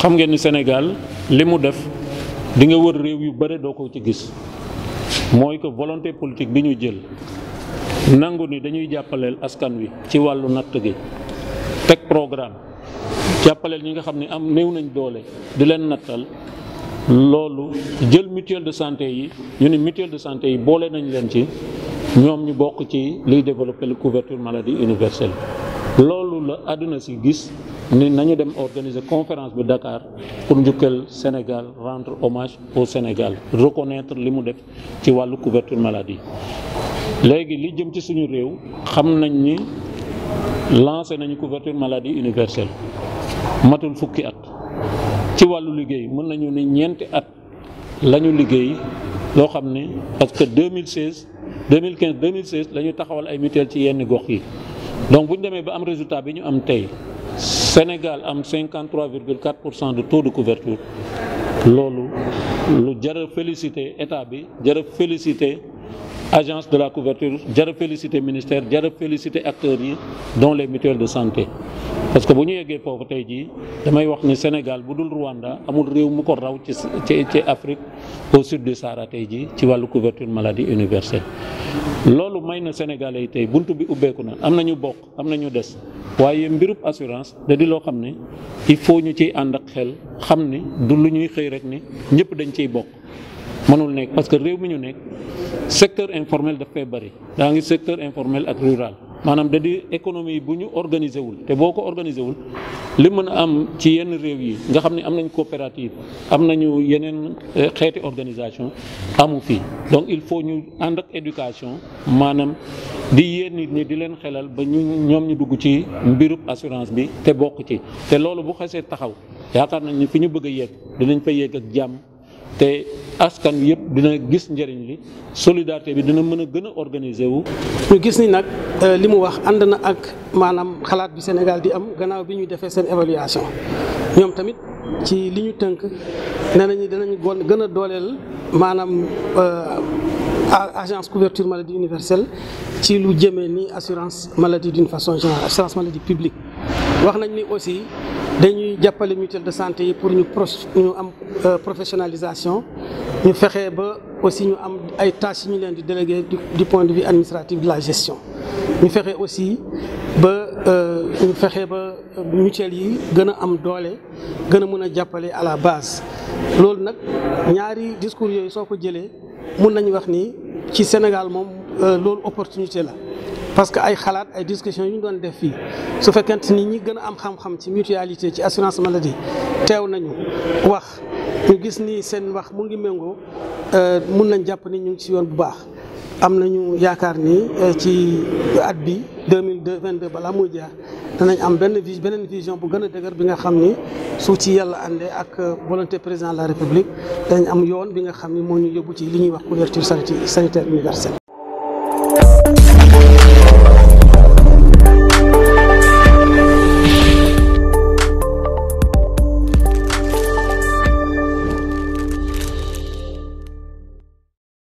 xam ngeen ni Sénégal li mu def di nga wër réew yu bare doo ko ci gis mooy que volonté politique bi ñu jël nangu ni dañuy jàppaleel askan wi ci wàllu natt gi teg programme jàppaleel ñi nga xam ni am néew nañ doole di leen nattal loolu jël mutuelle de santé yi ñu ne mutuel de santé yi boole nañ leen ci ñoom ñu bokk ci liy développer la couverture maladie universelle loolu la àdduna si gis ni nañu dem organiser conférence bi Dakar pour njukkal Sénégal rentre hommage au Sénégal reconnaître li mu def ci wàllu couverture maladie léegi li jëm ci suñu réew xam nañ ni lancé nañu couverture maladie universelle matul fukki at ci wàllu liggéey mën nañu ni ñeenti at la ñu liggéey loo xam ne parce que 2016 2015 2016 la ñu taxawal ay mutuelle ci yenn gox yi donc bu demee ba am résultat bi ñu am tey Sénégal am 53,4 de taux de couverture loolu lu jar félicité état bi félicité agence de la couverture jar a félicité ministère jar a félicité acteurs yi dont les mutuelles de santé parce que bu ñu yeggee foofu tey jii damay wax ni Sénégal bu Rwanda amul réew mu ko raw ci ci Afrique au sud du Sahara tey jii ci couverture maladie universelle loolu may na Sénégalais yi tey bunt bi ubbeeku na am na ñu bokk am na ñu waaye mbirub assurance da di loo xam ne il faut ñu cay ànd ak xel xam ne du lu ñuy xëy rek ne ñëpp dañ cay bokk mënul nekk parce que réew mi ñu nekk secteur informel daf fay bëri daa ngi secteur informel ak rural. maanaam da di économie bu ñu organiser wul te boo ko organiser wul li mën a am ci yenn réew yi nga xam ne am nañ coopérative am nañu yeneen euh, xeeti organisation amu fi donc il faut ñu ànd ak éducation maanaam di yéen nit ñi di leen xelal ba ñu ñoom ñu dugg ci mbirub assurance bi te bokk ci te loolu bu xasee taxaw yaakaar nañ ni fi ñu bëgg a yegg dinañ fa yegg ak jàmm te askan wi yëpp dina gis njëriñ li solidarité bi dina mën a gën a organiser wu. ñu gis ni nag euh, li mu wax ànd na ak maanaam xalaat bi Sénégal di am gannaaw bi ñu defee seen évaluation ñoom tamit ci li ñu tënk nee nañu dinañu gën a dooleel maanaam. Euh, agence couverture maladie universelle ci lu jëmee ni assurance maladie d'une façon générale assurance maladie publique Nous avons aussi de santé pour une euh, professionnalisation Nous faisons aussi des tâches du point de vue administratif de la gestion Nous faisons aussi euh, mutuelle à la base Nous avons ñaari discours Sénégal euh, opportunité parce que ay xalaat ay discussion yu ñu doon def fii su fekkente ni ñi gën a am xam-xam ci mutualité ci assurance maladie teew nañu wax ñu gis ni seen wax mu ngi méngoo euh, mun nañ jàpp ni ñu ngi ci yoon bu baax. am nañu yaakaar ni euh, ci at bi deux mille deux vingt deux balaa muy jeex danañ am benn vi beneen vision bu gën a dëgër bi nga xam ni su ci yàlla àndee ak euh, volonté président de la république dañ am yoon bi nga xam ni moo ñu yóbbu ci li ñuy wax couverture sanitaire universelle.